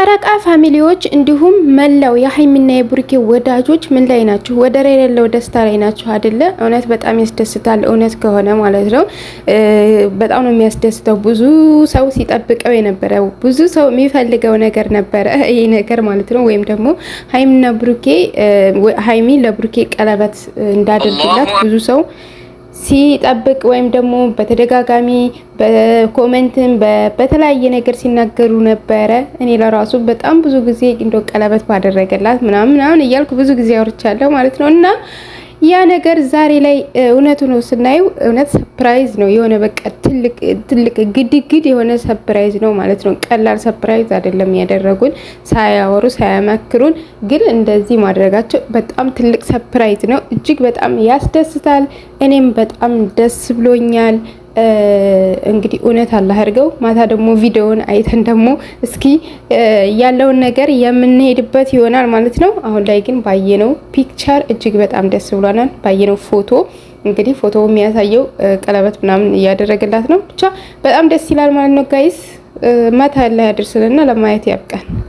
ጨረቃ ፋሚሊዎች እንዲሁም መላው የሀይሚና የቡርኬ ወዳጆች ምን ላይ ናችሁ? ወደር የሌለው ደስታ ላይ ናችሁ አደለ? እውነት በጣም ያስደስታል። እውነት ከሆነ ማለት ነው። በጣም ነው የሚያስደስተው። ብዙ ሰው ሲጠብቀው የነበረ ብዙ ሰው የሚፈልገው ነገር ነበረ ይህ ነገር ማለት ነው። ወይም ደግሞ ሀይሚና ቡርኬ ሀይሚ ለቡርኬ ቀለበት እንዳደርግላት ብዙ ሰው ሲጠብቅ ወይም ደግሞ በተደጋጋሚ በኮመንትም በተለያየ ነገር ሲናገሩ ነበረ። እኔ ለራሱ በጣም ብዙ ጊዜ እንደ ቀለበት ባደረገላት ምናምን ምናምን እያልኩ ብዙ ጊዜ አውርቻለሁ ማለት ነው እና ያ ነገር ዛሬ ላይ እውነቱ ነው ስናየው እውነት ሰፕራይዝ ነው የሆነ በቃ ትልቅ ግድግድ የሆነ ሰፕራይዝ ነው ማለት ነው። ቀላል ሰፕራይዝ አይደለም ያደረጉን፣ ሳያወሩ ሳያመክሩን፣ ግን እንደዚህ ማድረጋቸው በጣም ትልቅ ሰፕራይዝ ነው። እጅግ በጣም ያስደስታል። እኔም በጣም ደስ ብሎኛል። እንግዲህ እውነት አላህ አድርገው። ማታ ደግሞ ቪዲዮውን አይተን ደግሞ እስኪ ያለውን ነገር የምንሄድበት ይሆናል ማለት ነው። አሁን ላይ ግን ባየነው ፒክቸር እጅግ በጣም ደስ ብሏናል። ባየነው ፎቶ እንግዲህ ፎቶ የሚያሳየው ቀለበት ምናምን እያደረገላት ነው። ብቻ በጣም ደስ ይላል ማለት ነው ጋይስ። ማታ ላይ ያደርስልና ለማየት ያብቃል።